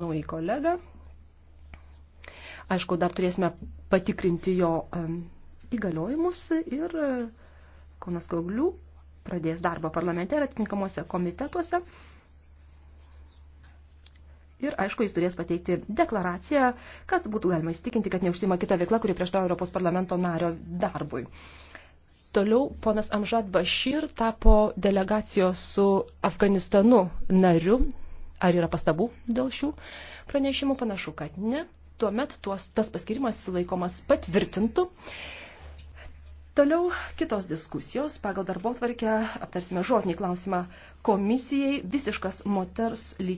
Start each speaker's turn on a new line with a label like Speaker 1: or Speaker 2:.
Speaker 1: naują kolegą. Aišku, dar turėsime patikrinti jo įgaliojimus ir Konas e, Gauglių pradės darbą parlamente ir atitinkamuose komitetuose. Ir, aišku, jis turės pateikti deklaraciją, kad būtų galima įsitikinti, kad neužsima kita veikla, kuri prieštoja Europos parlamento nario darbui. Toliau ponas Amžad Bashir tapo delegacijos su Afganistanu nariu Ar yra pastabų dėl šių pranešimų? Panašu, kad ne. Tuomet tuos, tas paskirimas laikomas patvirtintų. Toliau kitos diskusijos. Pagal darbo tvarkę aptarsime žodinį klausimą komisijai visiškas moters lyg.